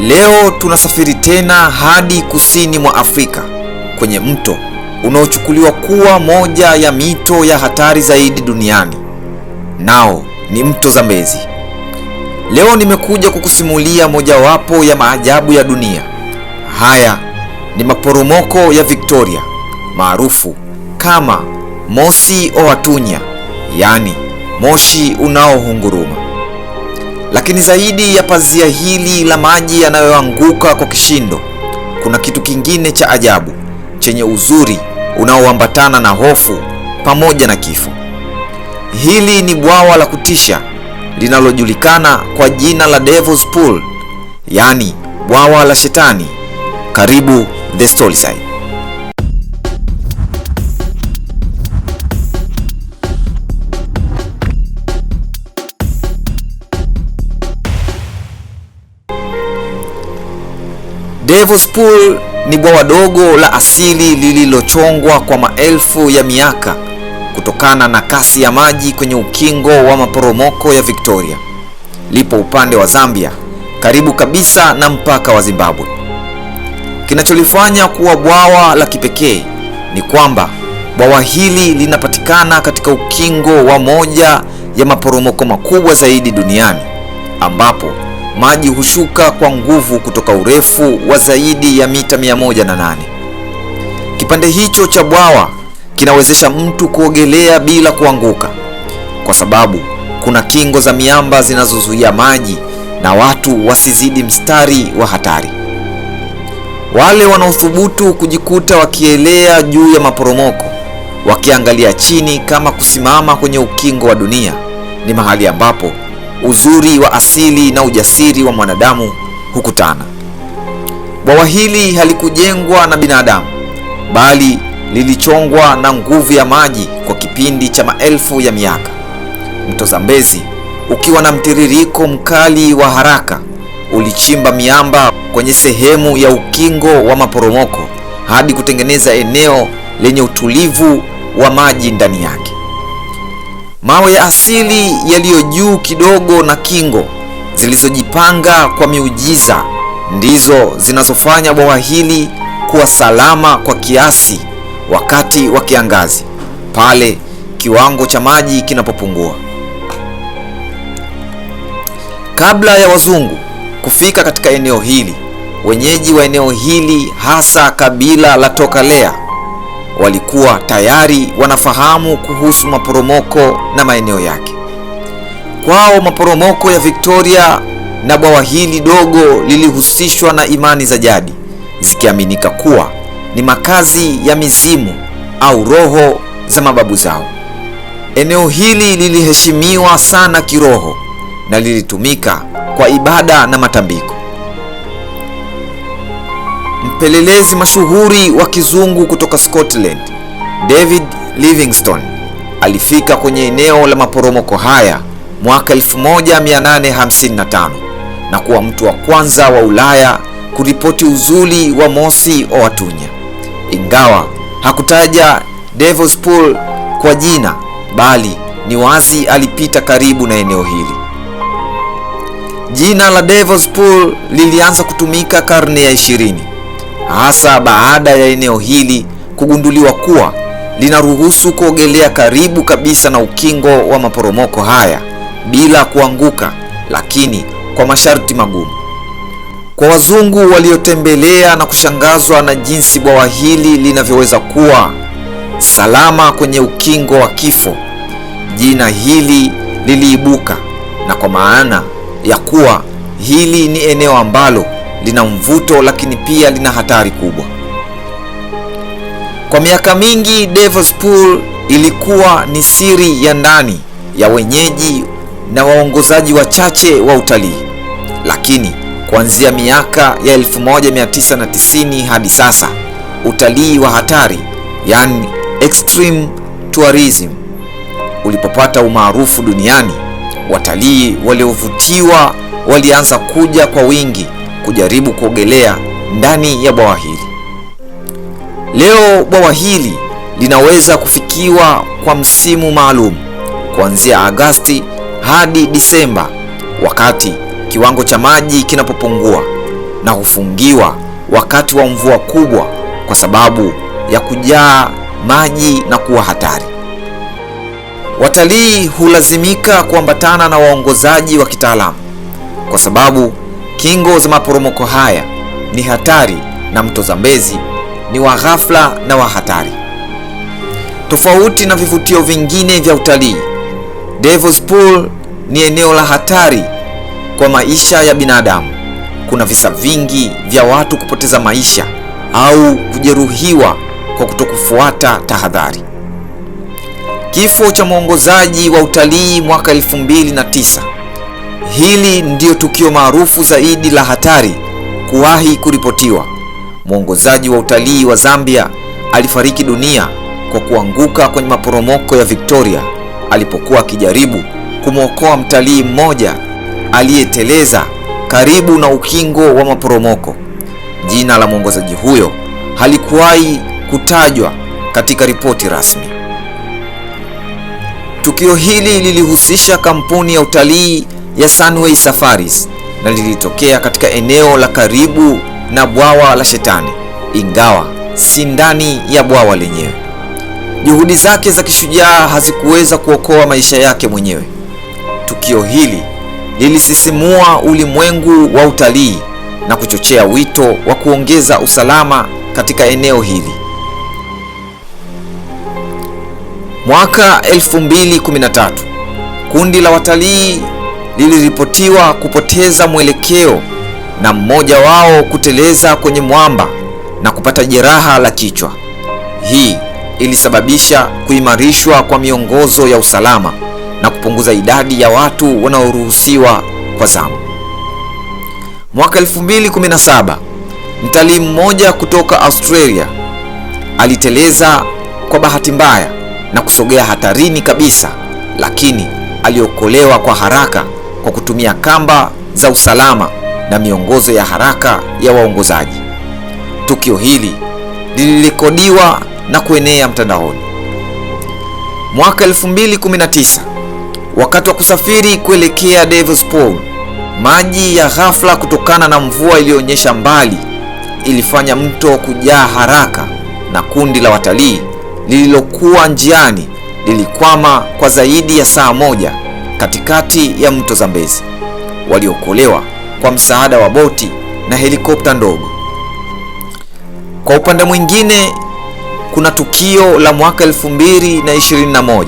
Leo tunasafiri tena hadi kusini mwa Afrika kwenye mto unaochukuliwa kuwa moja ya mito ya hatari zaidi duniani. Nao ni mto Zambezi. Leo nimekuja kukusimulia mojawapo ya maajabu ya dunia. Haya ni maporomoko ya Victoria maarufu kama Mosi Oatunya, yaani moshi unaohunguruma. Lakini zaidi ya pazia hili la maji yanayoanguka kwa kishindo, kuna kitu kingine cha ajabu chenye uzuri unaoambatana na hofu pamoja na kifo. Hili ni bwawa la kutisha linalojulikana kwa jina la Devil's Pool, yaani bwawa la shetani, karibu the Storyside. Devil's Pool ni bwawa dogo la asili lililochongwa kwa maelfu ya miaka kutokana na kasi ya maji kwenye ukingo wa maporomoko ya Victoria. Lipo upande wa Zambia, karibu kabisa na mpaka wa Zimbabwe. Kinacholifanya kuwa bwawa la kipekee ni kwamba bwawa hili linapatikana katika ukingo wa moja ya maporomoko makubwa zaidi duniani ambapo maji hushuka kwa nguvu kutoka urefu wa zaidi ya mita 108. Kipande hicho cha bwawa kinawezesha mtu kuogelea bila kuanguka, kwa sababu kuna kingo za miamba zinazozuia maji na watu wasizidi mstari wa hatari. Wale wanaothubutu kujikuta wakielea juu ya maporomoko wakiangalia chini kama kusimama kwenye ukingo wa dunia ni mahali ambapo uzuri wa asili na ujasiri wa mwanadamu hukutana. Bwawa hili halikujengwa na binadamu, bali lilichongwa na nguvu ya maji kwa kipindi cha maelfu ya miaka. Mto Zambezi ukiwa na mtiririko mkali wa haraka ulichimba miamba kwenye sehemu ya ukingo wa maporomoko hadi kutengeneza eneo lenye utulivu wa maji ndani yake mawe ya asili yaliyo juu kidogo na kingo zilizojipanga kwa miujiza ndizo zinazofanya bwawa hili kuwa salama kwa kiasi wakati wa kiangazi pale kiwango cha maji kinapopungua. Kabla ya wazungu kufika katika eneo hili, wenyeji wa eneo hili hasa kabila la Tokalea walikuwa tayari wanafahamu kuhusu maporomoko na maeneo yake. Kwao maporomoko ya Victoria na bwawa hili dogo lilihusishwa na imani za jadi, zikiaminika kuwa ni makazi ya mizimu au roho za mababu zao. Eneo hili liliheshimiwa sana kiroho na lilitumika kwa ibada na matambiko. Mpelelezi mashuhuri wa kizungu kutoka Scotland, David Livingstone, alifika kwenye eneo la maporomoko haya mwaka 1855 na kuwa mtu wa kwanza wa Ulaya kuripoti uzuli wa mosi wa Watunya. Ingawa hakutaja Devil's Pool kwa jina, bali ni wazi alipita karibu na eneo hili. Jina la Devil's Pool lilianza kutumika karne ya ishirini hasa baada ya eneo hili kugunduliwa kuwa linaruhusu kuogelea karibu kabisa na ukingo wa maporomoko haya bila kuanguka, lakini kwa masharti magumu. Kwa wazungu waliotembelea na kushangazwa na jinsi bwawa hili linavyoweza kuwa salama kwenye ukingo wa kifo, jina hili liliibuka, na kwa maana ya kuwa hili ni eneo ambalo lina mvuto, lakini pia lina hatari kubwa. Kwa miaka mingi, Devil's Pool ilikuwa ni siri ya ndani ya wenyeji na waongozaji wachache wa utalii, lakini kuanzia miaka ya 1990 hadi sasa utalii wa hatari, yani extreme tourism, ulipopata umaarufu duniani, watalii waliovutiwa walianza kuja kwa wingi kujaribu kuogelea ndani ya bwawa hili. Leo bwawa hili linaweza kufikiwa kwa msimu maalum kuanzia Agasti hadi Disemba, wakati kiwango cha maji kinapopungua na hufungiwa wakati wa mvua kubwa kwa sababu ya kujaa maji na kuwa hatari. Watalii hulazimika kuambatana na waongozaji wa kitaalamu kwa sababu Kingo za maporomoko haya ni hatari na mto Zambezi ni wa ghafla na wa hatari. Tofauti na vivutio vingine vya utalii, Devil's Pool ni eneo la hatari kwa maisha ya binadamu. Kuna visa vingi vya watu kupoteza maisha au kujeruhiwa kwa kutokufuata tahadhari. Kifo cha mwongozaji wa utalii mwaka 2009 Hili ndiyo tukio maarufu zaidi la hatari kuwahi kuripotiwa. Mwongozaji wa utalii wa Zambia alifariki dunia kwa kuanguka kwenye maporomoko ya Victoria alipokuwa akijaribu kumwokoa mtalii mmoja aliyeteleza karibu na ukingo wa maporomoko. Jina la mwongozaji huyo halikuwahi kutajwa katika ripoti rasmi. Tukio hili lilihusisha kampuni ya utalii ya Sunway Safaris na lilitokea katika eneo la karibu na bwawa la Shetani, ingawa si ndani ya bwawa lenyewe. Juhudi zake za kishujaa hazikuweza kuokoa maisha yake mwenyewe. Tukio hili lilisisimua ulimwengu wa utalii na kuchochea wito wa kuongeza usalama katika eneo hili. Mwaka 2013 kundi la watalii liliripotiwa kupoteza mwelekeo na mmoja wao kuteleza kwenye mwamba na kupata jeraha la kichwa. Hii ilisababisha kuimarishwa kwa miongozo ya usalama na kupunguza idadi ya watu wanaoruhusiwa kwa zamu. Mwaka 2017 mtalii mmoja kutoka Australia aliteleza kwa bahati mbaya na kusogea hatarini kabisa, lakini aliokolewa kwa haraka kwa kutumia kamba za usalama na miongozo ya haraka ya waongozaji. Tukio hili lilirekodiwa na kuenea mtandaoni. Mwaka 2019 wakati wa kusafiri kuelekea Pool, maji ya ghafla kutokana na mvua iliyonyesha mbali ilifanya mto kujaa haraka, na kundi la watalii lililokuwa njiani lilikwama kwa zaidi ya saa moja katikati ya mto Zambezi, waliokolewa kwa msaada wa boti na helikopta ndogo. Kwa upande mwingine, kuna tukio la mwaka 2021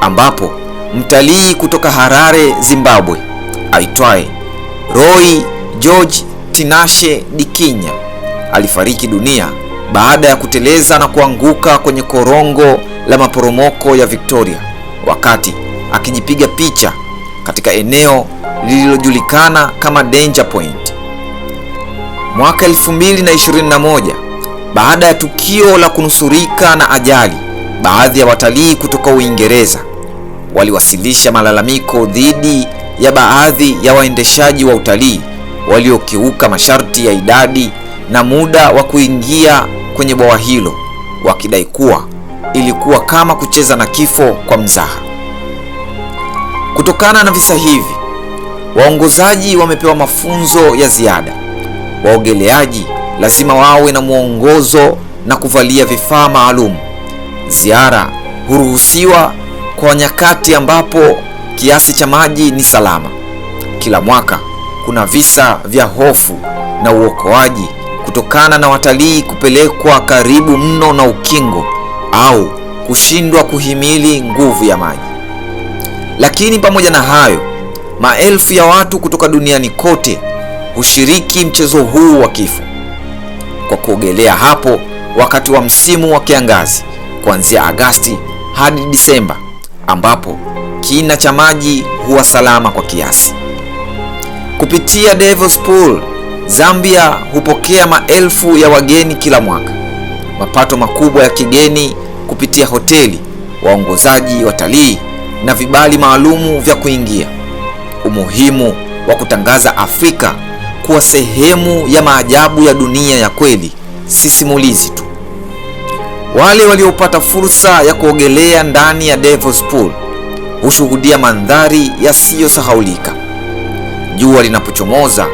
ambapo mtalii kutoka Harare, Zimbabwe, aitwaye Roy George Tinashe Dikinya alifariki dunia baada ya kuteleza na kuanguka kwenye korongo la maporomoko ya Victoria wakati akijipiga picha katika eneo lililojulikana kama Danger Point. Mwaka 2021, baada ya tukio la kunusurika na ajali, baadhi ya watalii kutoka Uingereza waliwasilisha malalamiko dhidi ya baadhi ya waendeshaji wa utalii waliokiuka masharti ya idadi na muda wa kuingia kwenye bwawa hilo, wakidai kuwa ilikuwa kama kucheza na kifo kwa mzaha. Kutokana na visa hivi, waongozaji wamepewa mafunzo ya ziada. Waogeleaji lazima wawe na mwongozo na kuvalia vifaa maalum. Ziara huruhusiwa kwa nyakati ambapo kiasi cha maji ni salama. Kila mwaka kuna visa vya hofu na uokoaji kutokana na watalii kupelekwa karibu mno na ukingo au kushindwa kuhimili nguvu ya maji. Lakini pamoja na hayo, maelfu ya watu kutoka duniani kote hushiriki mchezo huu wa kifo kwa kuogelea hapo wakati wa msimu wa kiangazi kuanzia Agasti hadi Disemba, ambapo kina cha maji huwa salama kwa kiasi. Kupitia Devil's Pool, Zambia hupokea maelfu ya wageni kila mwaka, mapato makubwa ya kigeni kupitia hoteli, waongozaji watalii na vibali maalumu vya kuingia. Umuhimu wa kutangaza Afrika kuwa sehemu ya maajabu ya dunia ya kweli si simulizi tu. Wale waliopata fursa ya kuogelea ndani ya Devil's Pool hushuhudia mandhari yasiyosahaulika. Jua linapochomoza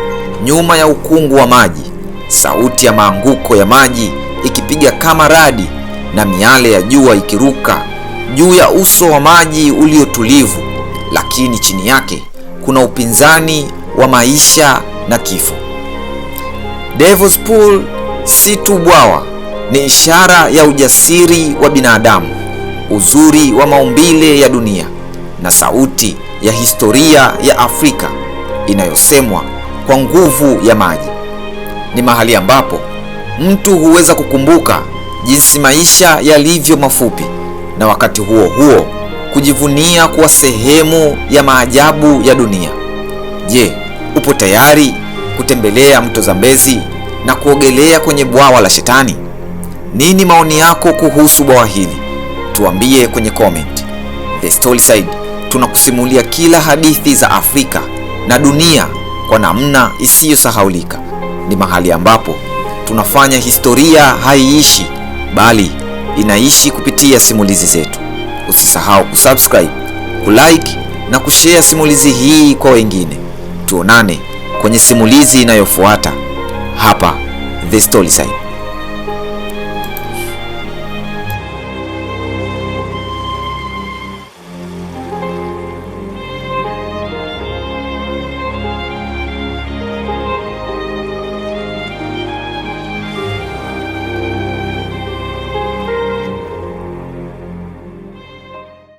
nyuma ya ukungu wa maji, sauti ya maanguko ya maji ikipiga kama radi na miale ya jua ikiruka juu ya uso wa maji uliotulivu, lakini chini yake kuna upinzani wa maisha na kifo. Devil's Pool si tu bwawa, ni ishara ya ujasiri wa binadamu, uzuri wa maumbile ya dunia na sauti ya historia ya Afrika inayosemwa kwa nguvu ya maji. Ni mahali ambapo mtu huweza kukumbuka jinsi maisha yalivyo mafupi na wakati huo huo kujivunia kuwa sehemu ya maajabu ya dunia. Je, upo tayari kutembelea mto Zambezi na kuogelea kwenye bwawa la Shetani? Nini maoni yako kuhusu bwawa hili? Tuambie kwenye comment. The Storyside tunakusimulia kila hadithi za Afrika na dunia kwa namna isiyosahaulika. Ni mahali ambapo tunafanya historia haiishi bali inaishi kupitia simulizi zetu. Usisahau kusubscribe, kulike na kushare simulizi hii kwa wengine. Tuonane kwenye simulizi inayofuata hapa The Storyside.